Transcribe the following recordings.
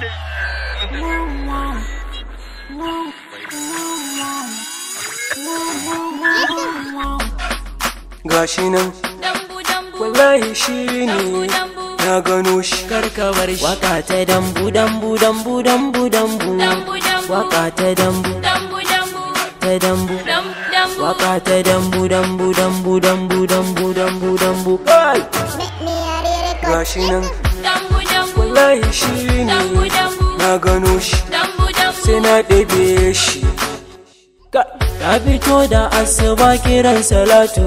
Gashi nan, wallahi shi ne na gano shi karkawar shi. Waka ta dambu dambu dambu dambu dambu, waka ta dambu ta dambu. Waka ta dambu dambu dambu dambu dambu dambu dambu. dambu Gashinan. wallahi shi ne na gano shi sai na ɗebe shi ta fito da asuba kiran salatu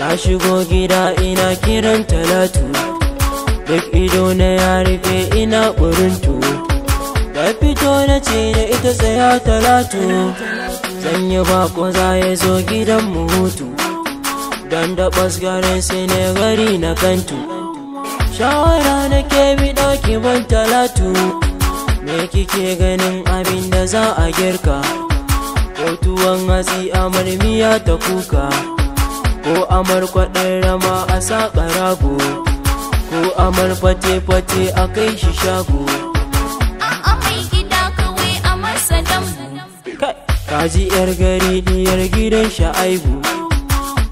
na shigo gida ina kiran talatu duk ido na ya rufe ina ƙurintu ta fito na ce da ita tsaya talatu zan yi bako za ya zo gidan mu hutu don da ɓasgaren sai na gari na kantu shawara na ke bi ɗauki ban talatu me kike ganin abin da za a girka ko tuwon hatsi a marmiya ta kuka ko amar kwaɗin rama a saƙa rago ko amar fate-fate a kai shi shago kaji yar gari diyar gidan sha'aibu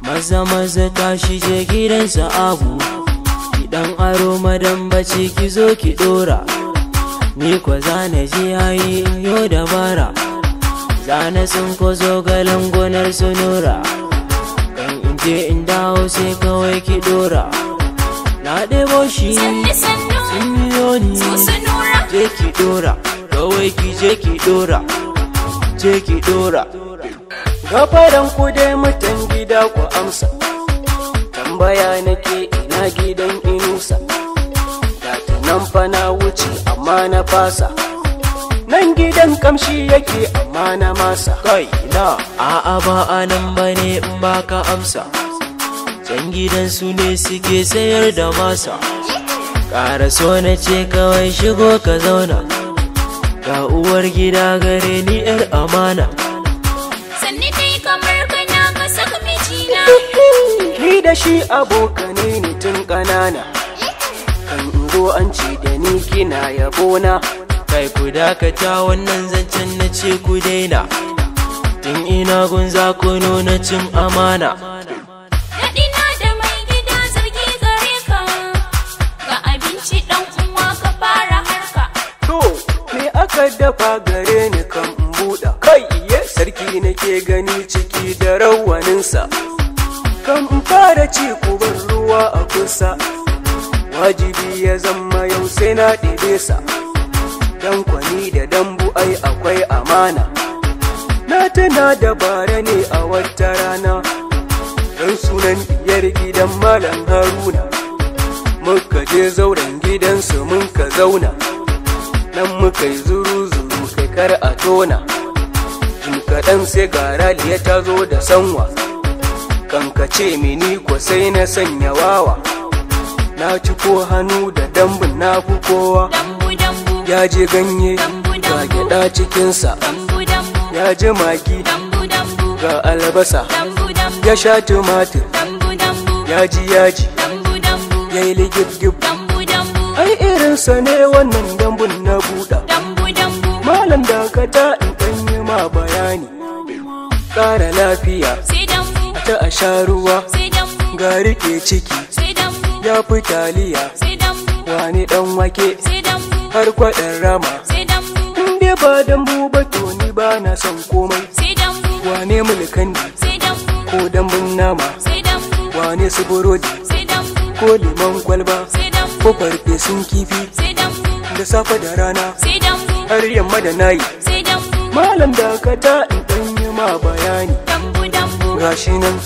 maza maza tashi je gidan sa'abu aro madan bace ki zo ki dora ni kwa zane ji hayi in yo dabara zane sun ko zo galan gonar su nora kan in je in dawo sai kawai ki dora na ɗebo shi sun yi ni je ki dora kawai ki je ki dora je ki dora gafaran ku dai mutan gida ku amsa basa nan gidan kamshi yake amma na masa kai na a'a ba a nan bane in baka amsa can gidan su ne suke sayar da masa ƙara so na ce kawai shigo ka zauna ga uwar gida gare ni yar amana sanni dai kamar kana ka saka mijina ni da shi abokane ne tun ƙanana an ce da ni kina yabona kai ku dakata wannan zancen na ce ku daina tun ina gun za ku nuna cin amana aka dafa gare ni kan buɗa kai iye sarki nake gani ciki da rawaninsa kan fara ci ruwa a kusa wajibi ya zama yau sai na ɗebe sa dan kwani da dambu ai akwai amana na tana dabara ne a wata rana don sunan iyar gidan malam haruna muka je zauren gidansu mun ka zauna nan muka yi zuru-zuru kai kar a tona in kaɗan sai ga ta zo da sanwa ce mini ko sai na sanya wawa na ci ko hannu da dambun na fi kowa ya je ganye ga gyada cikinsa ya je magi ga albasa ya sha tumatir ya ji yaji ya yi ligib ai irinsa ne wannan dambun na buɗa malam da ka ta in ɗanyi ma bayani ƙara lafiya ta a sha ruwa ga riƙe ciki ya fi taliya wani dan wake har kwaɗin rama inda ba dambu ba to ba na son komai wane mulkan ko dambun nama wane su burodi ko liman kwalba ko farfesun kifi da safe da rana har yamma da nayi malam da ka ta in danyi ma bayani gashi nan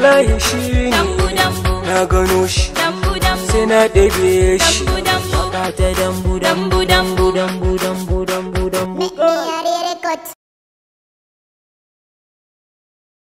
wallahi shi ne na gano shi sai na ɗabe shi